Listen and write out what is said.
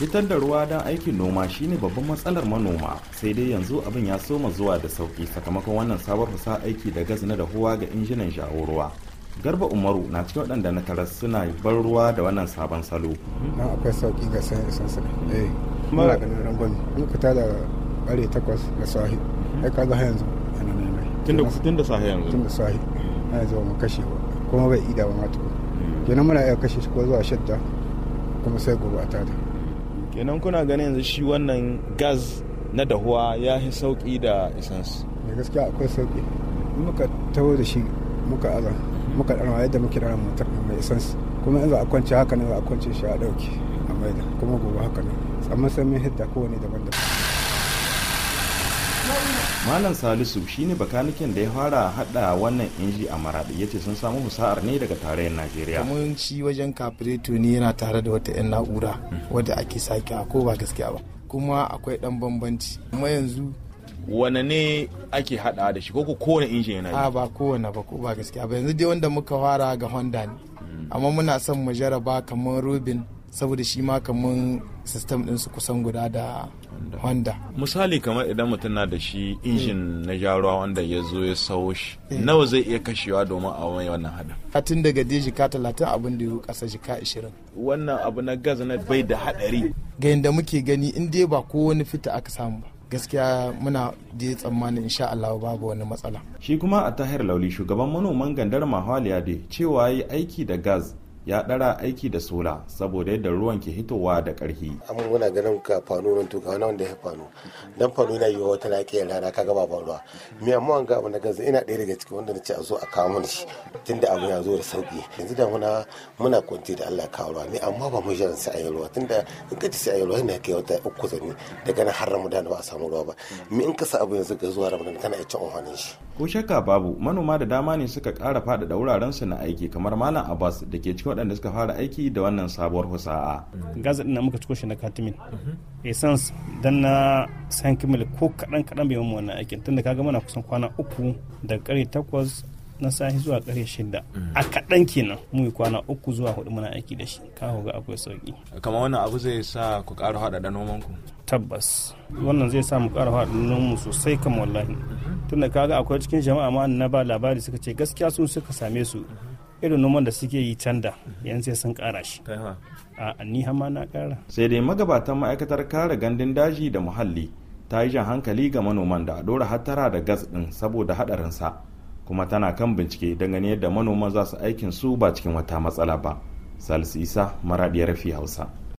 fitar da ruwa don aikin noma shine babban matsalar manoma sai dai yanzu abin ya soma zuwa da sauki sakamakon wannan sabon fasa aiki da gas na dahuwa ga injinan jawo ruwa garba umaru na cikin waɗanda na taras suna bar ruwa da wannan sabon salo na akwai sauki ga sayan isan sa eh mara ganin rangwami in ka tada bare takwas ga sahi ai kaga har yanzu ana nan nan tunda tunda sahi yanzu tunda sahi hmm. ai zuwa mu kashe kuma bai ida ba ma to hmm. kenan muna iya kashe shi ko zuwa shadda kuma sai gobe a tada kenan kuna ganin yanzu shi wannan gas na dahuwa ya fi sauki da isansu da gaskiya akwai sauki muka taho da shi muka aza muka ɗarma yadda muke ɗarma motar mai isansu kuma yanzu a kwance haka ne za a kwance shi a ɗauki a maida kuma gobe haka ne amma sai mun hidda kowane daban-daban malam salisu shine bakaniken da ya fara hada wannan inji a maradi yace sun samu musa'ar ne daga tarayyar najeriya mun ci wajen kafireto ne yana tare da wata 'yan na'ura hmm. wadda ake sake ko ba gaskiya ba kuma akwai dan bambanci kuma yanzu wane ne ake hada da shi koko kowane injin yana a ba kowane ba ko ba gaskiya ba yanzu dai wanda muka fara ga honda ne hmm. amma muna son mujaraba kamar robin. saboda shi ma kamar sistem ɗinsu kusan guda da honda misali kamar idan mutum na da shi injin eh. na jaruwa wanda ya zo ya sawo shi eh. nawa zai iya kashewa domin a wani wannan hada. hatin daga dai jika talatin abin da ya kasa jika ashirin wannan abu na gas na bai da hadari ga yadda muke gani in dai ba ko wani fita aka samu ba gaskiya muna da tsammanin insha Allah babu wani matsala. Shi kuma a tahir lauli shugaban manoman gandar mahaliya da cewa yi aiki da gas ya ɗara aiki da sola saboda yadda ruwan ke hitowa da ƙarfi. amma muna ganin ka fano nan tuka wani wanda ya fano dan fano yana yiwa wata laƙi rana ka gaba ba ruwa me amma an gaba na gaza ina ɗaya daga cikin wanda na ce a zo a kawo mun shi tunda abu ya zo da sauki yanzu da muna muna kwanci da Allah kawo ruwa ne amma ba mu jiran sai a ruwa tunda in ka ci sai a ruwa kai wata uku zanni daga nan har Ramadan ba a samu ruwa ba mi in ka sa abu yanzu ga zuwa Ramadan kana iya cin amfanin shi. ko shakka babu manoma da dama ne suka ƙara faɗaɗa su na aiki kamar malam abbas da ke cikin waɗanda suka fara aiki da wannan sabuwar husa'a gaza ɗin muka ciko shi na katimin essence dan na san kimil ko kaɗan kaɗan bai mu wannan aikin tunda kaga muna kusan kwana uku da ƙarfe takwas na sahi zuwa ƙarfe shida a kaɗan kenan mu yi kwana uku zuwa hudu muna aiki da shi ka ga akwai sauki kamar wannan abu zai sa ku ƙara haɗaɗa noman ku tabbas wannan zai samu kara faɗin mu sosai kan wallahi tunda kaga akwai cikin jama'a ma na ba labari suka ce gaskiya sun suka same su irin noman da suke yi can da yanzu sai sun kara shi a ni ma na kara sai dai magabatan ma'aikatar kare gandun daji da muhalli ta yi jan hankali ga manoman da a dora hattara da gas din saboda sa kuma tana kan bincike dangane yadda manoman za su aikin su ba cikin wata matsala ba salisu isa maradiyar fi hausa